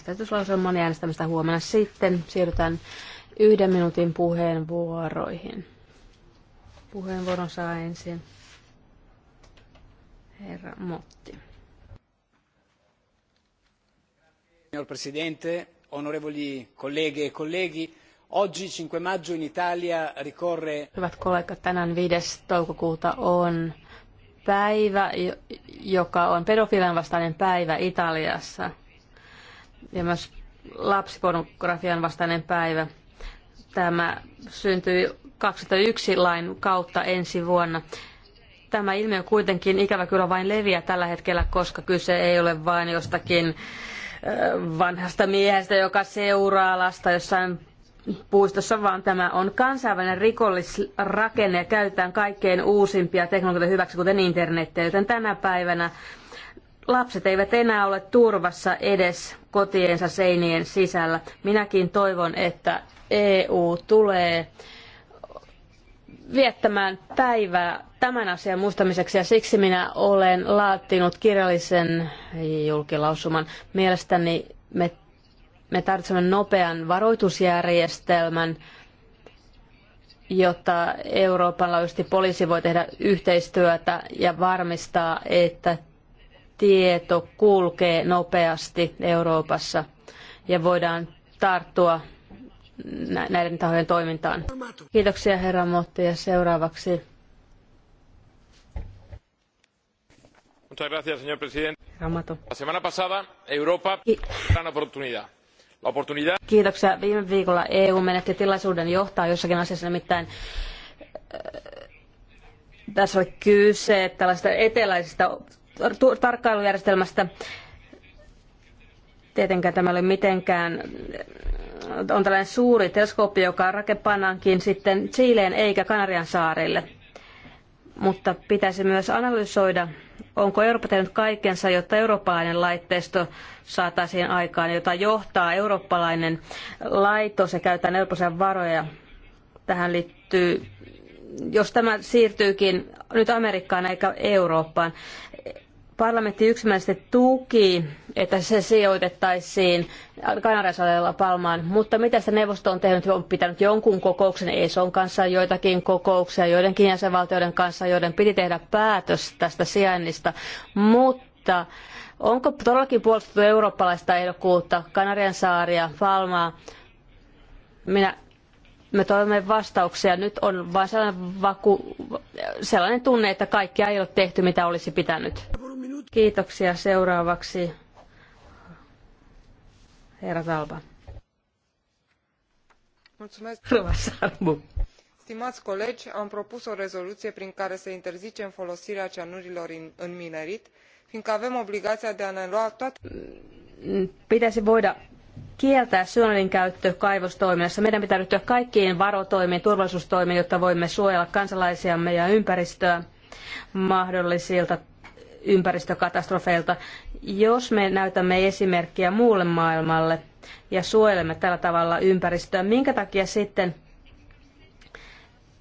Tarkistetuslauselman äänestämistä huomenna sitten. Siirrytään yhden minuutin puheenvuoroihin. Puheenvuoron saa ensin herra Motti. Signor Presidente, onorevoli colleghe e colleghi, oggi 5 maggio in Italia ricorre... Hyvät kollegat, tänään 5. toukokuuta on päivä, joka on pedofilian vastainen päivä Italiassa – ja myös lapsipornografian vastainen päivä. Tämä syntyi 2001 lain kautta ensi vuonna. Tämä ilmiö kuitenkin ikävä kyllä vain leviää tällä hetkellä, koska kyse ei ole vain jostakin vanhasta miehestä, joka seuraa lasta jossain puistossa, vaan tämä on kansainvälinen rikollisrakenne ja käytetään kaikkein uusimpia teknologioita hyväksi, kuten internettiä, joten tänä päivänä lapset eivät enää ole turvassa edes kotiensa seinien sisällä. Minäkin toivon, että EU tulee viettämään päivää tämän asian muistamiseksi ja siksi minä olen laatinut kirjallisen julkilausuman. Mielestäni me, me tarvitsemme nopean varoitusjärjestelmän, jotta Euroopan laajuisesti poliisi voi tehdä yhteistyötä ja varmistaa, että tieto kulkee nopeasti Euroopassa ja voidaan tarttua näiden tahojen toimintaan. Kiitoksia herra Motti ja seuraavaksi. señor presidente. pasada Europa gran oportunidad. La oportunidad... Kiitoksia. Viime viikolla EU menetti tilaisuuden johtaa jossakin asiassa nimittäin äh, tässä oli kyse tällaista eteläisestä tarkkailujärjestelmästä. Tietenkään tämä ei mitenkään on tällainen suuri teleskooppi, joka rakepannaankin sitten Chileen eikä Kanarian saarille. Mutta pitäisi myös analysoida, onko Eurooppa tehnyt kaikkensa, jotta eurooppalainen laitteisto saataisiin aikaan, jota johtaa eurooppalainen laitos ja käytetään eurooppalaisia varoja. Tähän liittyy, jos tämä siirtyykin nyt Amerikkaan eikä Eurooppaan, Parlamentti yksimielisesti tuki, että se sijoitettaisiin Kanariasalella Palmaan, mutta mitä se neuvosto on tehnyt? On pitänyt jonkun kokouksen ESOn kanssa, joitakin kokouksia, joidenkin jäsenvaltioiden kanssa, joiden piti tehdä päätös tästä sijainnista, mutta onko todellakin puolustettu eurooppalaista ehdokkuutta, Kanarian saaria, Palmaa? Minä me toivomme vastauksia. Nyt on vain sellainen, vaku, sellainen tunne, että kaikkea ei ole tehty, mitä olisi pitänyt. Kiitoksia seuraavaksi. Herra Talpa. Mulțumesc. Stimați colegi, am propus o rezoluție prin care să interzicem folosirea cianurilor în în minerit, fiindcă avem obligația de a ne lua toate... Pitäisi voida kieltää syönelin käyttö kaivostoiminnassa. Meidän pitää ryhtyä kaikkiin varotoimiin, turvallisuustoimiin, jotta voimme suojella kansalaisiamme ja ympäristöä mahdollisilta ympäristökatastrofeilta. Jos me näytämme esimerkkiä muulle maailmalle ja suojelemme tällä tavalla ympäristöä, minkä takia sitten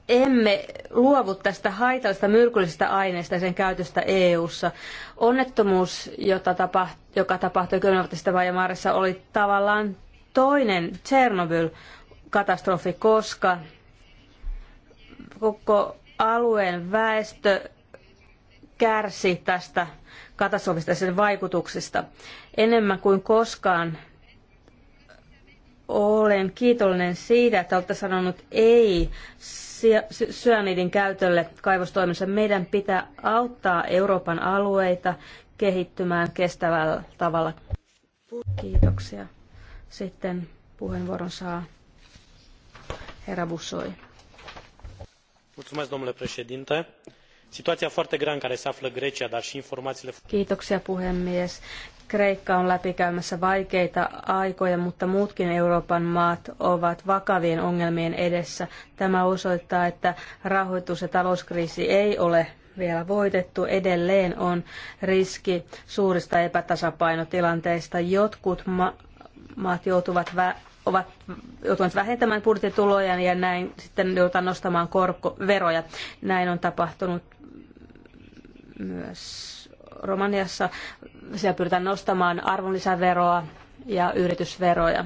emme luovu tästä haitallisesta myrkyllisestä aineesta ja sen käytöstä EU-ssa. Onnettomuus, jota joka tapahtui 10 vuotta sitten oli tavallaan toinen Tsernobyl-katastrofi, koska koko alueen väestö kärsi tästä katastrofista ja sen vaikutuksista. Enemmän kuin koskaan olen kiitollinen siitä, että olette sanonut ei syöniidin käytölle kaivostoiminnassa. Meidän pitää auttaa Euroopan alueita kehittymään kestävällä tavalla. Kiitoksia. Sitten puheenvuoron saa herra Bussoi. Mulțumesc, domnule președinte situația foarte grea în care se află Grecia, dar și informațiile... Kiitoksia puhemies. Kreikka on läpikäymässä vaikeita aikoja, mutta muutkin Euroopan maat ovat vakavien ongelmien edessä. Tämä osoittaa, että rahoitus- ja talouskriisi ei ole vielä voitettu. Edelleen on riski suurista epätasapainotilanteista. Jotkut ma- maat joutuvat vä- ovat joutuneet vähentämään budjettitulojaan ja näin sitten joudutaan nostamaan korkoveroja. Näin on tapahtunut myös Romaniassa. Siellä pyritään nostamaan arvonlisäveroa ja yritysveroja.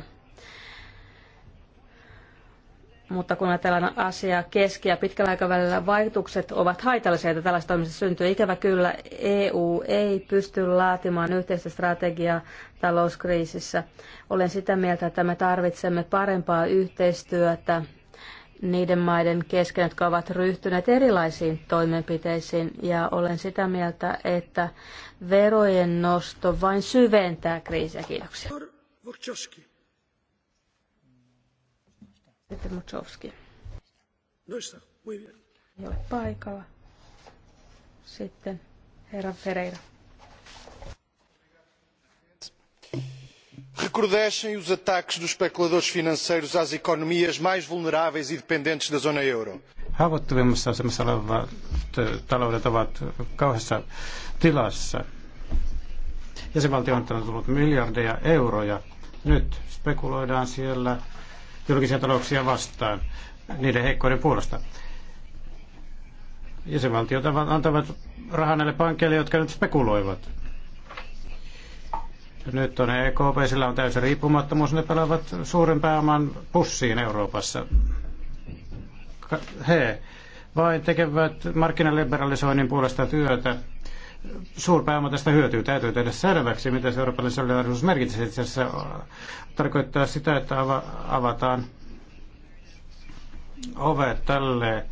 Mutta kun ajatellaan asiaa keski- ja pitkällä aikavälillä, vaikutukset ovat haitallisia, että tällaista toimista syntyy. Ikävä kyllä EU ei pysty laatimaan yhteistä strategiaa talouskriisissä. Olen sitä mieltä, että me tarvitsemme parempaa yhteistyötä niiden maiden kesken, jotka ovat ryhtyneet erilaisiin toimenpiteisiin. Ja olen sitä mieltä, että verojen nosto vain syventää kriisiä. Kiitoksia. Sitten Mutsovski. No Ei ole paikalla. Sitten herra Ferreira. recrudescem os ataques dos especuladores financeiros às economias mais vulneráveis e dependentes da zona euro. Haavoittuvimmassa asemassa olevat taloudet ovat kauheassa tilassa. Jäsenvaltio on tullut miljardeja euroja. Nyt spekuloidaan siellä julkisia talouksia vastaan niiden heikkoiden puolesta. Jäsenvaltiot antavat rahaa näille pankeille, jotka nyt spekuloivat nyt on EKP, sillä on täysin riippumattomuus, ne pelaavat suuren pääoman pussiin Euroopassa. He vain tekevät markkinaliberalisoinnin puolesta työtä. Suurpääoma tästä hyötyy. Täytyy tehdä selväksi, mitä se eurooppalainen solidaarisuus merkitsee. Itse asiassa tarkoittaa sitä, että avataan ovet tälle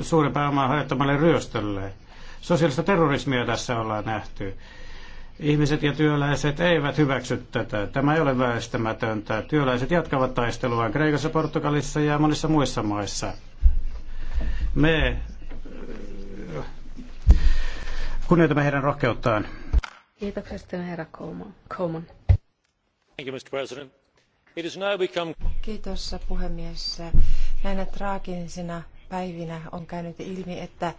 suuren pääoman hajottamalle ryöstölle. Sosiaalista terrorismia tässä ollaan nähty. Ihmiset ja työläiset eivät hyväksy tätä. Tämä ei ole väistämätöntä. Työläiset jatkavat taisteluaan Kreikassa, Portugalissa ja monissa muissa maissa. Me äh, kunnioitamme heidän rohkeuttaan. Kiitoksesta herra Coleman. become... Kiitos puhemies. Näinä traagisina päivinä on käynyt ilmi, että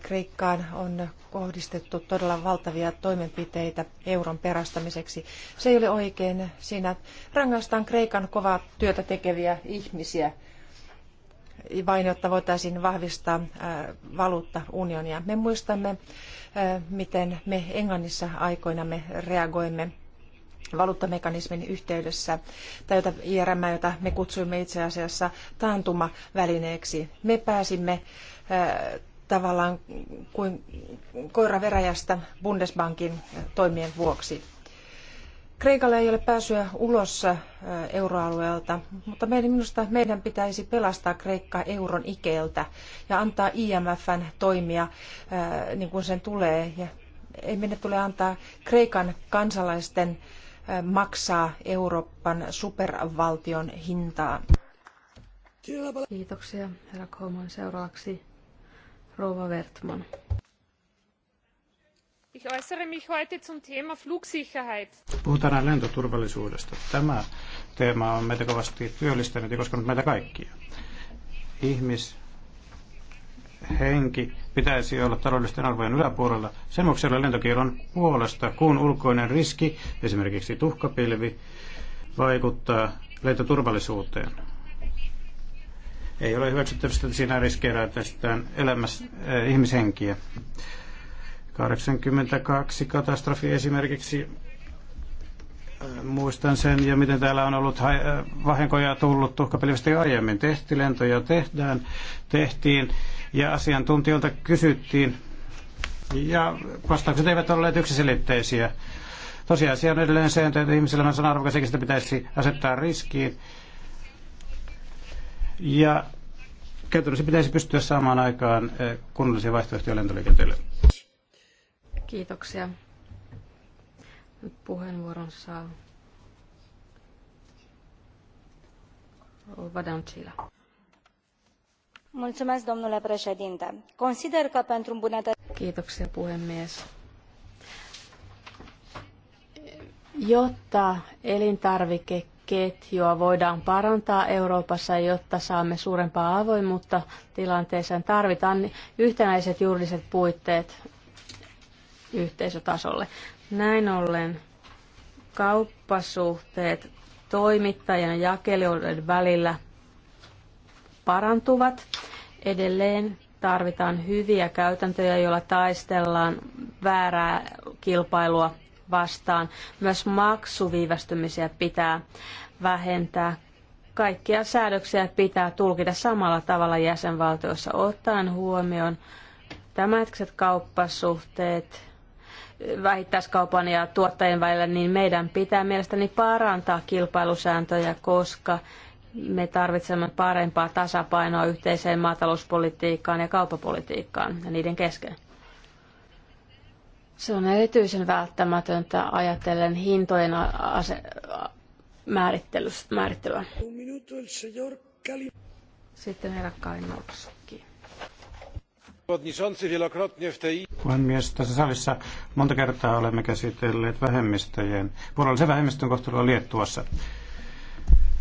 Kreikkaan on kohdistettu todella valtavia toimenpiteitä euron perastamiseksi. Se ei ole oikein. Siinä rangaistaan Kreikan kovaa työtä tekeviä ihmisiä vain jotta voitaisiin vahvistaa äh, valuuttaunionia. Me muistamme, äh, miten me Englannissa aikoina me reagoimme valuuttamekanismin yhteydessä, tai jota IRM, jota me kutsuimme itse asiassa taantumavälineeksi. Me pääsimme äh, tavallaan kuin koira veräjästä Bundesbankin toimien vuoksi. Kreikalle ei ole pääsyä ulos äh, euroalueelta, mutta meidän, minusta meidän pitäisi pelastaa Kreikka euron ikeeltä ja antaa IMFn toimia äh, niin kuin sen tulee. Ja ei meidän tule antaa Kreikan kansalaisten äh, maksaa Euroopan supervaltion hintaa. Kiitoksia, herra Kouman. Seuraavaksi Rouva Wertman. Ich äußere mich heute zum Thema Flugsicherheit. Puhutaan lentoturvallisuudesta. Tämä teema on meitä kovasti työllistänyt ja koskenut meitä kaikkia. Ihmis, henki pitäisi olla taloudellisten arvojen yläpuolella. Sen vuoksi olla lentokielon puolesta, kun ulkoinen riski, esimerkiksi tuhkapilvi, vaikuttaa lentoturvallisuuteen. Ei ole hyväksyttävistä, että siinä riskeeräytetään elämässä äh, ihmishenkiä. 82 katastrofi esimerkiksi eh, muistan sen ja miten täällä on ollut eh, vahinkoja tullut tuhkapelivästi jo aiemmin. Tehtilentoja tehdään, tehtiin ja asiantuntijoilta kysyttiin ja vastaukset eivät olleet yksiselitteisiä. Tosiasia on edelleen se, että ihmiselämän on arvokas eikä sitä pitäisi asettaa riskiin. Ja käytännössä pitäisi pystyä saamaan aikaan eh, kunnollisia vaihtoehtoja lentoliikenteelle. Kiitoksia. Nyt puheenvuoron saa consider că pentru puhemies. Jotta elintarvikeketju ketjua voidaan parantaa Euroopassa, jotta saamme suurempaa avoimuutta tilanteeseen. Tarvitaan yhtenäiset juridiset puitteet yhteisötasolle. Näin ollen kauppasuhteet toimittajien ja jakelijoiden välillä parantuvat. Edelleen tarvitaan hyviä käytäntöjä, joilla taistellaan väärää kilpailua vastaan. Myös maksuviivästymisiä pitää vähentää. Kaikkia säädöksiä pitää tulkita samalla tavalla jäsenvaltioissa ottaen huomioon tämänhetkiset kauppasuhteet, vähittäiskaupan ja tuottajien välillä, niin meidän pitää mielestäni parantaa kilpailusääntöjä, koska me tarvitsemme parempaa tasapainoa yhteiseen maatalouspolitiikkaan ja kauppapolitiikkaan ja niiden kesken. Se on erityisen välttämätöntä ajatellen hintojen ase- määrittelyä. Sitten herra Kainowski. Puhemies, tässä salissa monta kertaa olemme käsitelleet vähemmistöjen, puolellisen vähemmistön kohtelua Liettuassa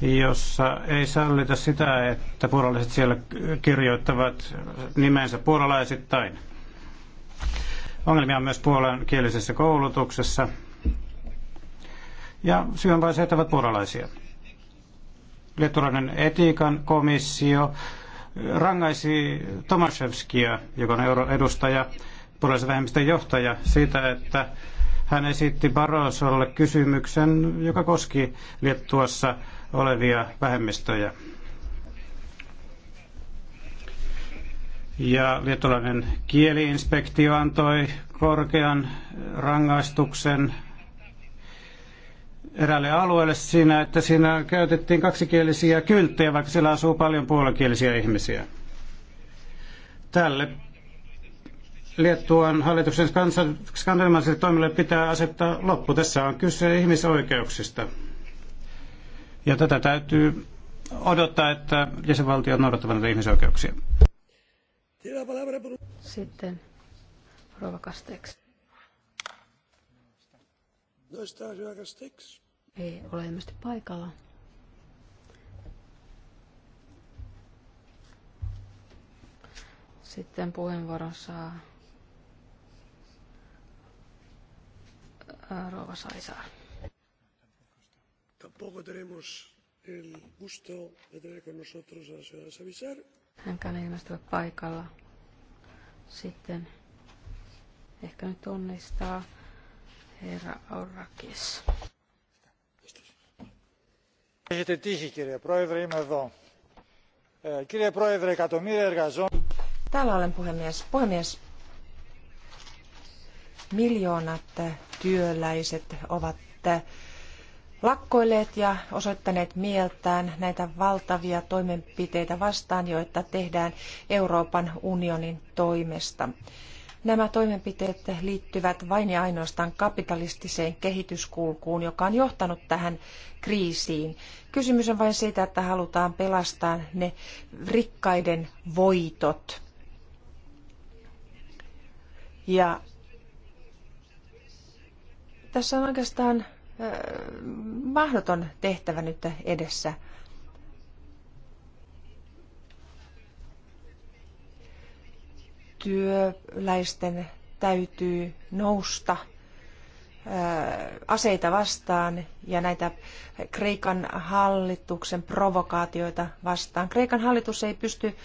jossa ei sallita sitä, että puolalaiset siellä kirjoittavat nimensä puolalaisittain. Ongelmia on myös puolen kielisessä koulutuksessa. Ja syynvaiseet ovat puolalaisia. Liettualainen etiikan komissio rangaisi Tomaszewskia, joka on euroedustaja, puolalaisen vähemmistön johtaja, siitä, että hän esitti Barrosolle kysymyksen, joka koski Liettuassa olevia vähemmistöjä. ja liettualainen kieliinspektio antoi korkean rangaistuksen eräälle alueelle siinä, että siinä käytettiin kaksikielisiä kylttejä, vaikka siellä asuu paljon puolikielisiä ihmisiä. Tälle Liettuan hallituksen skandinaalisille toimille pitää asettaa loppu. Tässä on kyse ihmisoikeuksista. Ja tätä täytyy odottaa, että jäsenvaltiot noudattavat ihmisoikeuksia. Sitten Rova Castex. No está, Rova Ei ole ilmeisesti paikalla. Sitten puheenvuoron saa Rova Saisaar. Tampoco tenemos el gusto de tener con nosotros a la señora Savisar. Hänkään ei ilmeisesti paikalla. Sitten ehkä nyt tunnistaa herra Aurakis. Έχετε τύχει κύριε Πρόεδρε, είμαι εδώ. Ε, κύριε Πρόεδρε, εκατομμύρια εργαζόμενοι... Täällä olen puhemies. Puhemies, miljoonat työläiset ovat lakkoilleet ja osoittaneet mieltään näitä valtavia toimenpiteitä vastaan, joita tehdään Euroopan unionin toimesta. Nämä toimenpiteet liittyvät vain ja ainoastaan kapitalistiseen kehityskulkuun, joka on johtanut tähän kriisiin. Kysymys on vain siitä, että halutaan pelastaa ne rikkaiden voitot. Ja tässä on oikeastaan mahdoton tehtävä nyt edessä. Työläisten täytyy nousta aseita vastaan ja näitä Kreikan hallituksen provokaatioita vastaan. Kreikan hallitus ei pysty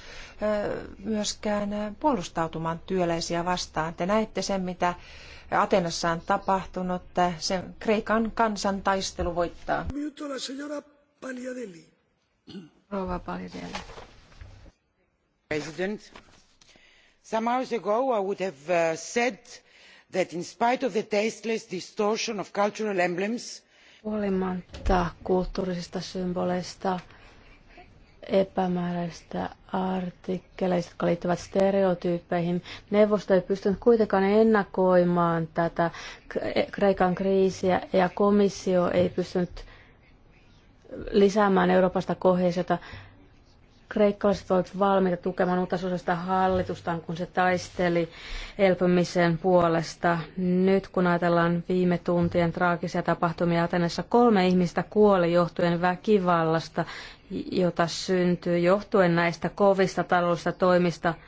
myöskään puolustautumaan työläisiä vastaan. Te näette sen, mitä Atenassa on tapahtunut. Se Kreikan kansan taistelu voittaa. Rouva Paljadelli. President, some hours ago I would have uh, said that in spite of the tasteless distortion of cultural emblems, huolimatta kulttuurisista symboleista, epämääräistä artikkeleista, jotka liittyvät stereotyyppeihin. Neuvosto ei pystynyt kuitenkaan ennakoimaan tätä e- Kreikan kriisiä ja komissio ei pystynyt lisäämään Euroopasta kohdeisiota kreikkalaiset olivat valmiita tukemaan uutta hallitustaan, kun se taisteli elpymisen puolesta. Nyt kun ajatellaan viime tuntien traagisia tapahtumia Atenassa, kolme ihmistä kuoli johtuen väkivallasta, jota syntyy johtuen näistä kovista taloudellisista toimista –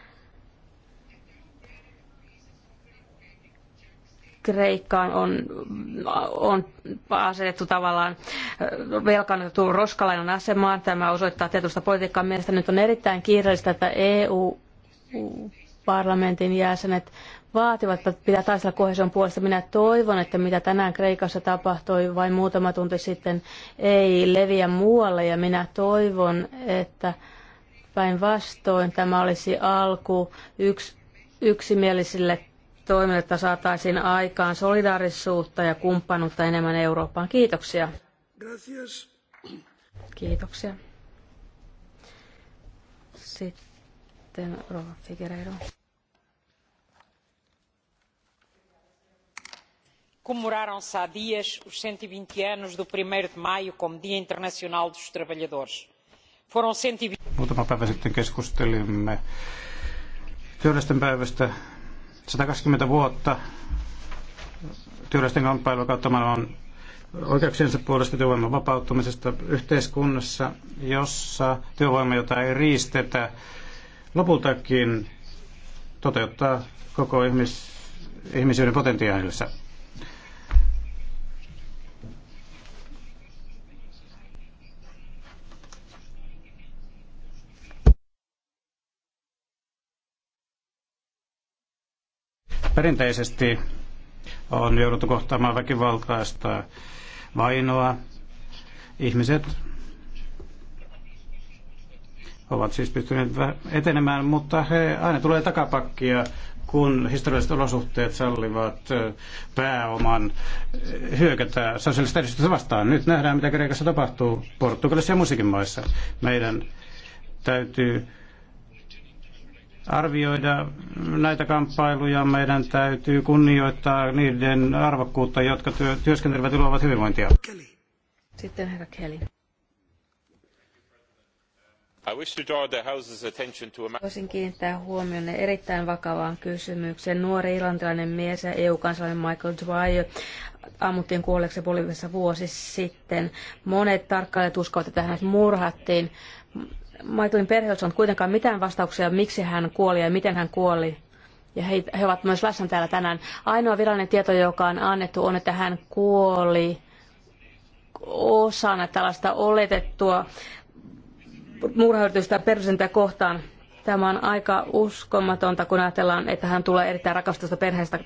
Kreikkaan on, on asetettu tavallaan velkaannutettu roskalainan asemaan. Tämä osoittaa tietystä politiikkaan mielestä. Nyt on erittäin kiireellistä, että EU-parlamentin jäsenet vaativat, että pitää taistella kohesion puolesta. Minä toivon, että mitä tänään Kreikassa tapahtui vain muutama tunti sitten, ei leviä muualle. Ja minä toivon, että päinvastoin tämä olisi alku yks, yksimielisille toimille, että saataisiin aikaan solidaarisuutta ja kumppanuutta enemmän Eurooppaan. Kiitoksia. Gracias. Kiitoksia. Sitten Rova Figueiredo. comemoraram-se há dias os 120 e anos do 1 de maio como Dia Internacional dos Trabalhadores. Foram 120... E Muutama päivä sitten keskustelimme työllisten päivästä 120 vuotta työläisten kamppailua kautta maailman oikeuksiensa puolesta työvoiman vapauttamisesta yhteiskunnassa, jossa työvoima, jota ei riistetä, lopultakin toteuttaa koko ihmis, ihmisyyden potentiaalissa Perinteisesti on jouduttu kohtaamaan väkivaltaista vainoa. Ihmiset ovat siis pystyneet etenemään, mutta he aina tulee takapakkia, kun historialliset olosuhteet sallivat pääoman hyökätä sosiaalista edistystä vastaan. Nyt nähdään, mitä Kreikassa tapahtuu, Portugalissa ja musiikin maissa. Meidän täytyy arvioida näitä kamppailuja. Meidän täytyy kunnioittaa niiden arvokkuutta, jotka työ, työskentelevät ja luovat hyvinvointia. Sitten herra Kelly. Voisin kiinnittää huomionne erittäin vakavaan kysymykseen. Nuori irlantilainen mies ja EU-kansalainen Michael Dwyer ammuttiin kuolleeksi Boliviassa vuosi sitten. Monet tarkkailijat uskovat, että hänet murhattiin, Michaelin perheessä on kuitenkaan mitään vastauksia, miksi hän kuoli ja miten hän kuoli. Ja he, he ovat myös läsnä täällä tänään. Ainoa virallinen tieto, joka on annettu, on, että hän kuoli osana tällaista oletettua murhayritystä perheisentä kohtaan. Tämä on aika uskomatonta, kun ajatellaan, että hän tulee erittäin rakastusta perheestä.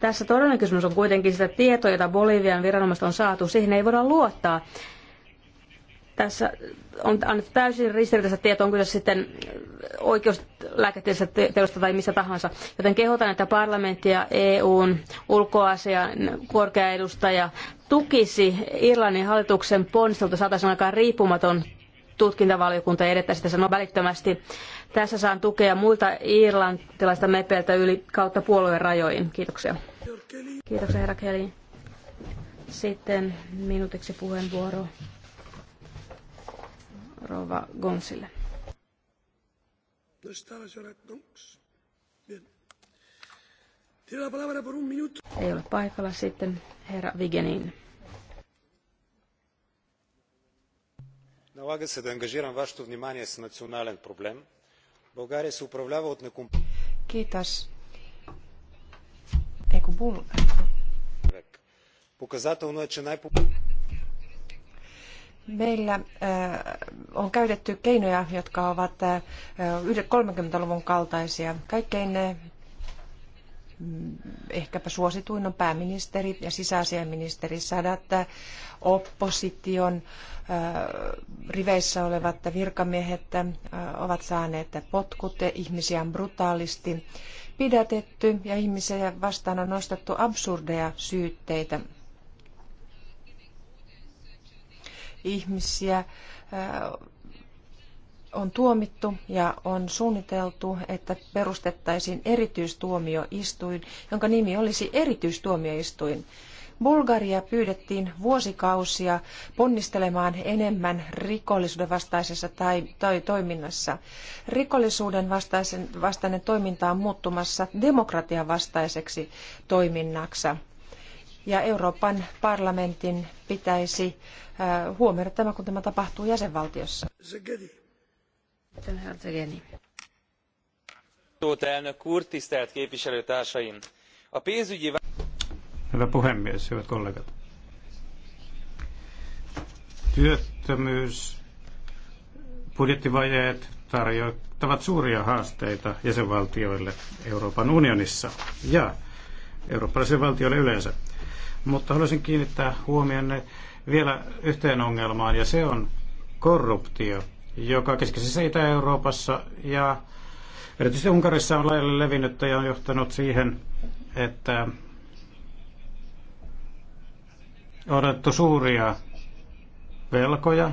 Tässä todellinen kysymys on kuitenkin sitä tietoa, jota Bolivian viranomaiset on saatu. Siihen ei voida luottaa. Tässä on annettu täysin ristiriitaista tietoa, onko se sitten oikeuslääketieteellisestä teosta tai missä tahansa. Joten kehotan, että parlamentti ja EUn ulkoasian korkea edustaja tukisi Irlannin hallituksen ponnistelta saataisiin aikaan riippumaton tutkintavaliokunta ja edettäisi tässä no, välittömästi. Tässä saan tukea muilta irlantilaista mepeiltä yli kautta puolueen rajoihin. Kiitoksia. Kiitoksia herra Kelly. Sitten minuutiksi puheenvuoro rouva Gonsille. Ei ole paikalla sitten herra Vigenin. Налага се да ангажирам вашето внимание с национален проблем. България се управлява от некомп... Kiitos. Показателно е, че най Meillä äh, on käytetty keinoja, jotka ovat 30-luvun äh, kaltaisia. Kaikkein äh, mm, ehkäpä suosituin on pääministeri ja sisäasiainministeri sadat opposition riveissä olevat virkamiehet ovat saaneet potkut, ihmisiä on brutaalisti pidätetty ja ihmisiä vastaan on nostettu absurdeja syytteitä ihmisiä äh, on tuomittu ja on suunniteltu, että perustettaisiin erityistuomioistuin, jonka nimi olisi erityistuomioistuin. Bulgaria pyydettiin vuosikausia ponnistelemaan enemmän rikollisuuden vastaisessa tai, tai toiminnassa. Rikollisuuden vastaisen, vastainen toiminta on muuttumassa demokratian vastaiseksi toiminnaksi ja Euroopan parlamentin pitäisi äh, huomioida tämä, kun tämä tapahtuu jäsenvaltiossa. Tuota, Hyvä puhemies, hyvät kollegat. Työttömyys, budjettivajeet tarjoavat suuria haasteita jäsenvaltioille Euroopan unionissa ja eurooppalaisille valtioille yleensä. Mutta haluaisin kiinnittää huomionne vielä yhteen ongelmaan, ja se on korruptio, joka keskisessä Itä-Euroopassa ja erityisesti Unkarissa on laajalle levinnyt ja on johtanut siihen, että on otettu suuria velkoja.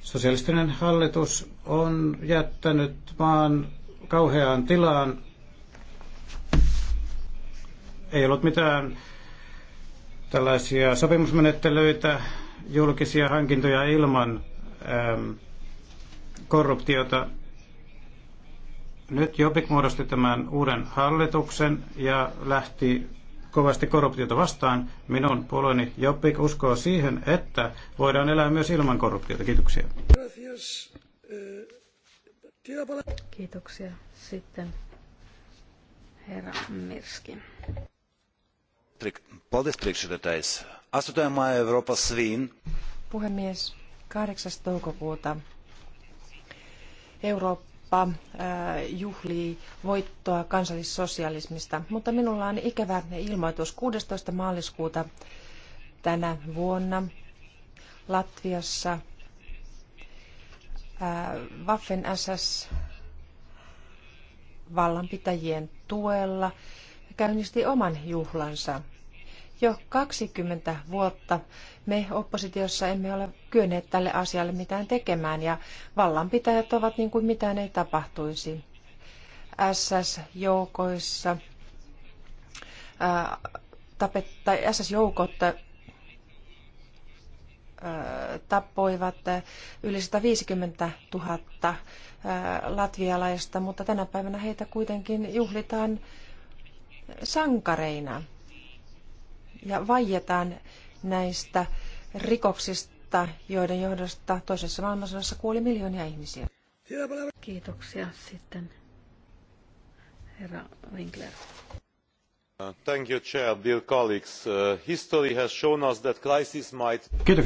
Sosialistinen hallitus on jättänyt maan kauheaan tilaan. Ei ollut mitään tällaisia sopimusmenettelyitä, julkisia hankintoja ilman äm, korruptiota. Nyt Jobbik muodosti tämän uuden hallituksen ja lähti kovasti korruptiota vastaan. Minun puolueeni Jobbik uskoo siihen, että voidaan elää myös ilman korruptiota. Kiitoksia. Kiitoksia. Sitten herra Mirski. Euroopan Puhemies, 8. toukokuuta Eurooppa juhlii voittoa kansallissosialismista, mutta minulla on ikävä ilmoitus 16. maaliskuuta tänä vuonna Latviassa Waffen SS vallanpitäjien tuella käynnisti oman juhlansa. Jo 20 vuotta me oppositiossa emme ole kyenneet tälle asialle mitään tekemään ja vallanpitäjät ovat niin kuin mitään ei tapahtuisi. SS-joukoissa tapet, tai SS-joukot tappoivat yli 150 000 latvialaista, mutta tänä päivänä heitä kuitenkin juhlitaan sankareina ja vaietaan näistä rikoksista, joiden johdosta toisessa maailmansodassa kuoli miljoonia ihmisiä. Kiitoksia sitten, herra Winkler. Kiitoksia.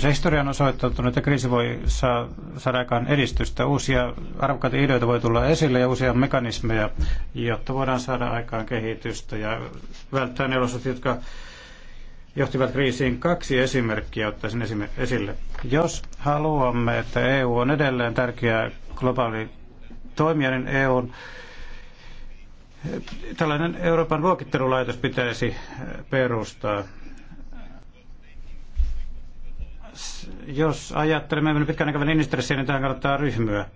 Historia on osoittanut, että kriisi voi saada aikaan edistystä. Uusia arvokkaita ideoita voi tulla esille ja uusia mekanismeja, jotta voidaan saada aikaan kehitystä ja välttää ne olosuhteet, jotka johtivat kriisiin. Kaksi esimerkkiä ottaisin esille. Jos haluamme, että EU on edelleen tärkeä globaali toimija, niin EUn Tällainen Euroopan luokittelulaitos pitäisi eh, perustaa. Jos ajattelemme pitkän aikavälin intressiä, niin tähän kannattaa ryhmyä.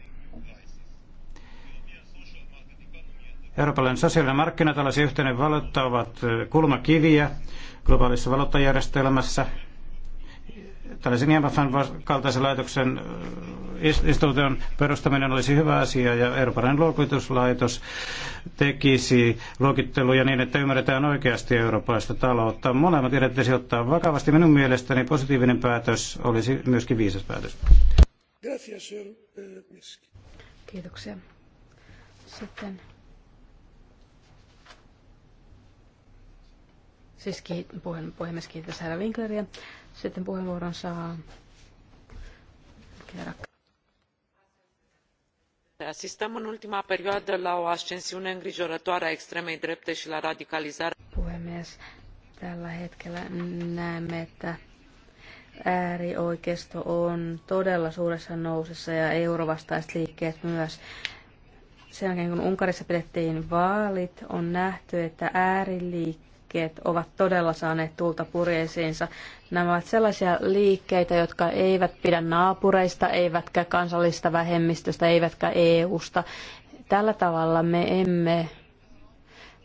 Eurooppalainen sosiaalinen markkinatalous ja yhteinen valuutta ovat eh, kulmakiviä globaalissa valuuttajärjestelmässä – Tällaisen IMFn e kaltaisen laitoksen äh, instituution perustaminen olisi hyvä asia ja Euroopan luokituslaitos tekisi luokitteluja niin, että ymmärretään oikeasti eurooppalaista taloutta. Molemmat pitäisi ottaa vakavasti. Minun mielestäni positiivinen päätös olisi myöskin viisas päätös. Eh, Kiitoksia. Sitten Siis puhemies kiitos herra Winkleria. Sitten puheenvuoron saa Chiara. Asistăm în ultima perioadă la o ascensiune îngrijorătoare a extremei drepte și la radicalizare. Puhemies, tällä hetkellä näemme, että äärioikeisto on todella suuressa nousessa ja eurovastaiset liikkeet myös. Sen jälkeen kun Unkarissa pidettiin vaalit, on nähty, että ääriliikkeet liikkeet ovat todella saaneet tulta purjeisiinsa. Nämä ovat sellaisia liikkeitä, jotka eivät pidä naapureista, eivätkä kansallista vähemmistöstä, eivätkä EU-sta. Tällä tavalla me emme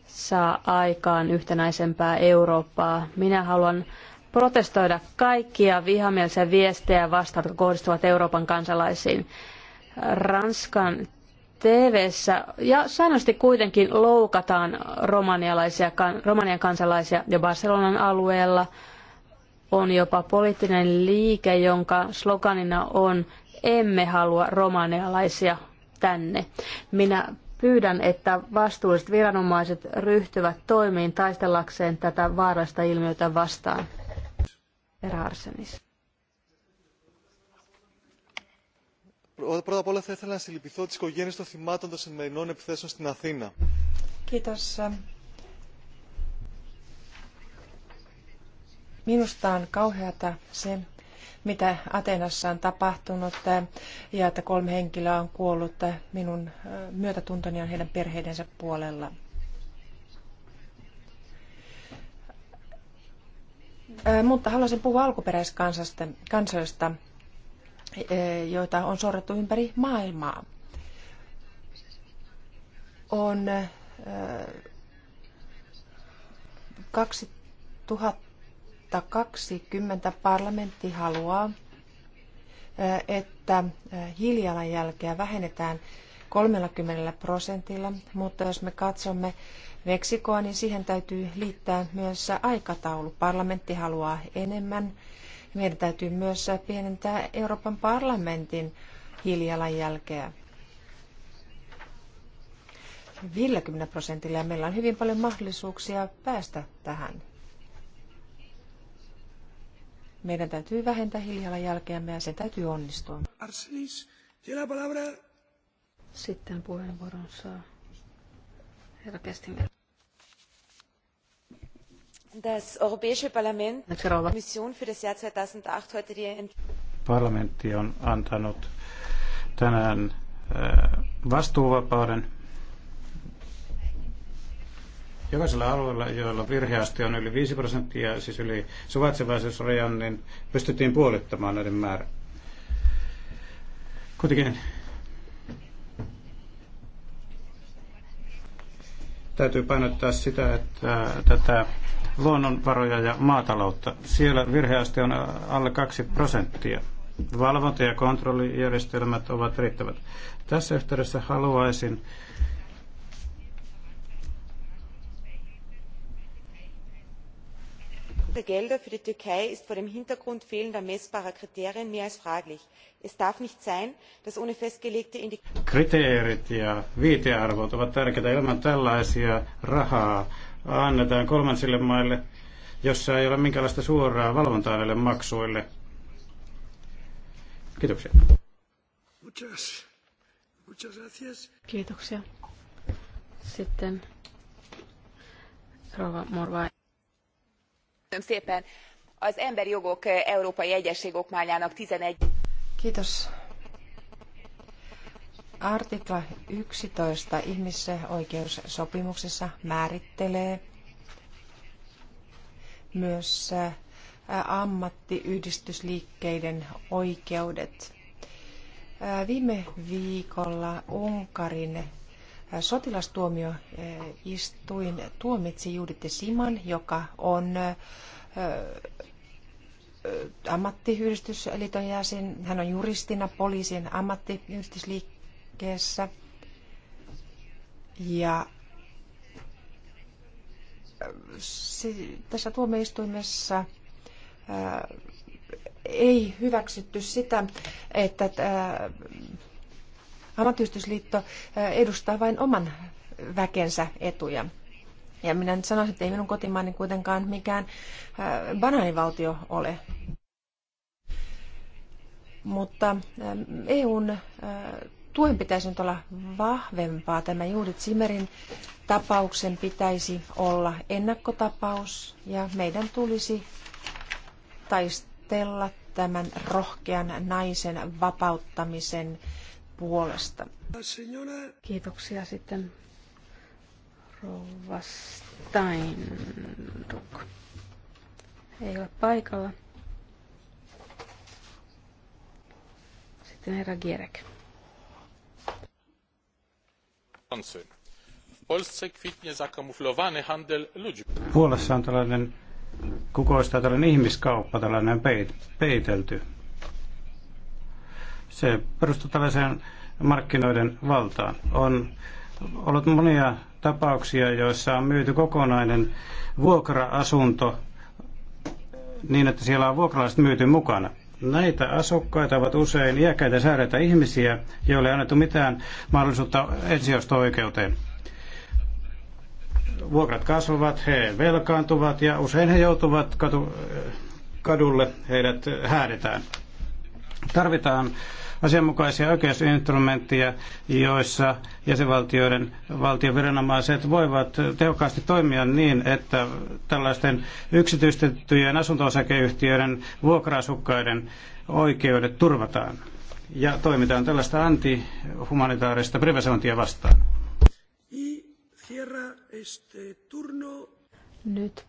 saa aikaan yhtenäisempää Eurooppaa. Minä haluan protestoida kaikkia vihamielisiä viestejä vastaan, jotka kohdistuvat Euroopan kansalaisiin. Ranskan tv ja säännöllisesti kuitenkin loukataan romanialaisia, romanian kansalaisia ja Barcelonan alueella on jopa poliittinen liike, jonka sloganina on emme halua romanialaisia tänne. Minä pyydän, että vastuulliset viranomaiset ryhtyvät toimiin taistellakseen tätä vaarallista ilmiötä vastaan. Erä Arsenis. Πρώτα απ' όλα θα ήθελα να συλληπιθώ τις οικογένειες των θυμάτων των σημερινών επιθέσεων στην Αθήνα. Minusta on kauheata se, mitä Atenassa on tapahtunut eh, ja että kolme henkilöä on kuollut. Eh, minun eh, myötätuntoni on heidän perheidensä puolella. Mutta haluaisin puhua alkuperäiskansoista. Eh, joita on sorrettu ympäri maailmaa. On 2020 eh, parlamentti haluaa, eh, että hiilijalanjälkeä vähennetään 30 prosentilla, mutta jos me katsomme Meksikoa, niin siihen täytyy liittää myös aikataulu. Parlamentti haluaa enemmän meidän täytyy myös pienentää Euroopan parlamentin hiilijalanjälkeä 50 prosentilla ja meillä on hyvin paljon mahdollisuuksia päästä tähän. Meidän täytyy vähentää hiilijalanjälkeämme ja se täytyy onnistua. Sitten puheenvuoron saa herra Kestimer. Das Europäische Parlament, Kommission für das Jahr 2008 heute die Parlamentti on antanut tänään äh, vastuuvapauden jokaisella alueella, joilla virheasti on yli 5 prosenttia, siis yli suvaitsevaisuusrajan, niin pystyttiin puolittamaan näiden määrä. Kuitenkin täytyy painottaa sitä, että äh, tätä luonnonvaroja ja maataloutta. Siellä virheaste on alle 2 prosenttia. Valvonta- ja kontrollijärjestelmät ovat riittävät. Tässä yhteydessä haluaisin der gelder für die türkei ist vor dem hintergrund fehlender messbarer kriterien mehr als fraglich. es darf nicht sein dass ohne festgelegte indikatoren. kriteerit ja viitearvot ovat tärkeitä. Ilman tällaisia rahaa annetaan kolmansille maille, jossa ei ole minkäänlaista suoraa valvontaa näille maksuille. Kiitoksia. Kiitoksia. Sitten Rova Morva. Köszönöm 11. Kiitos Artikla 11 ihmisoikeussopimuksessa määrittelee myös ammattiyhdistysliikkeiden oikeudet. Viime viikolla Unkarin sotilastuomioistuin tuomitsi Juditte Siman, joka on ammattiyhdistysliiton jäsen. Hän on juristina poliisin ammattiyhdistysliikkeen liikkeessä. Ja tässä tuomioistuimessa ei hyväksytty sitä, että ammattiyhdistysliitto edustaa vain oman väkensä etuja. Ja minä nyt sanoisin, että ei minun kotimaani kuitenkaan mikään banaanivaltio ole. Mutta EUn tuen pitäisi nyt olla vahvempaa. Tämä juuri Zimmerin tapauksen pitäisi olla ennakkotapaus ja meidän tulisi taistella tämän rohkean naisen vapauttamisen puolesta. Kiitoksia sitten rouva Steinruck. Ei ole paikalla. Sitten herra Gierek przewodniczący! w polsce kwitnie zakamuflowany handel ludźmi. puolassa on tällainen kukoistaa tällainen ihmiskauppa tällainen peit, peitelty. Se perustuu tällaiseen markkinoiden valtaan. On ollut monia tapauksia, joissa on myyty kokonainen vuokra-asunto niin, että siellä on vuokralaiset myyty mukana. Näitä asukkaita ovat usein iäkkäitä sääreitä ihmisiä, joille ei annettu mitään mahdollisuutta ensiosto-oikeuteen. Vuokrat kasvavat, he velkaantuvat ja usein he joutuvat katu, kadulle, heidät häädetään. Tarvitaan asianmukaisia oikeusinstrumentteja, joissa jäsenvaltioiden valtion viranomaiset voivat tehokkaasti toimia niin, että tällaisten yksityistettyjen asunto-osakeyhtiöiden vuokrasukkaiden oikeudet turvataan ja toimitaan tällaista antihumanitaarista privasointia vastaan. Nyt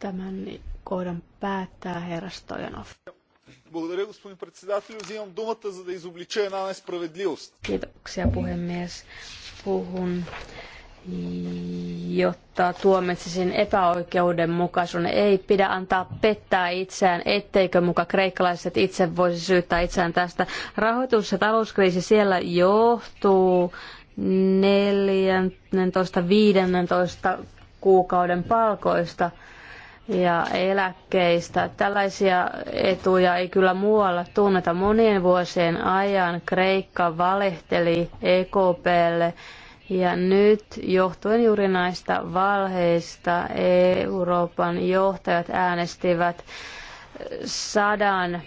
tämän kohdan päättää herra Благодаря, господин председател. Взимам думата, за да изоблича една несправедливост. Kiitoksia, puhemies. Puhun, jotta tuomitsisin epäoikeudenmukaisuuden. Ei pidä antaa pettää itseään, etteikö muka kreikkalaiset itse voisi syyttää itseään tästä. Rahoitus- ja talouskriisi siellä johtuu 14-15 kuukauden palkoista – ja eläkkeistä. Tällaisia etuja ei kyllä muualla tunneta. Monien vuosien ajan Kreikka valehteli EKPlle ja nyt johtuen juuri näistä valheista Euroopan johtajat äänestivät sadan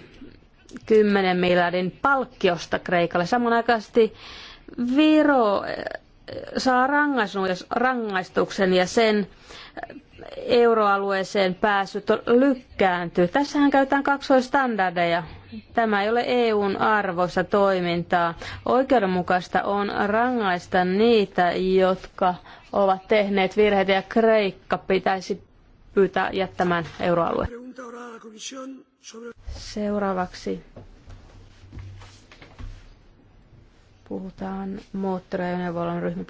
kymmenen miljardin palkkiosta Kreikalle. Samanaikaisesti Viro saa rangaistuksen ja sen euroalueeseen pääsy lykkääntyy. Tässähän käytetään kaksoistandardeja. Tämä ei ole EUn arvoista toimintaa. Oikeudenmukaista on rangaista niitä, jotka ovat tehneet virheitä ja Kreikka pitäisi pyytää jättämään euroalue. Seuraavaksi puhutaan moottoriajoneuvoilun ryhmä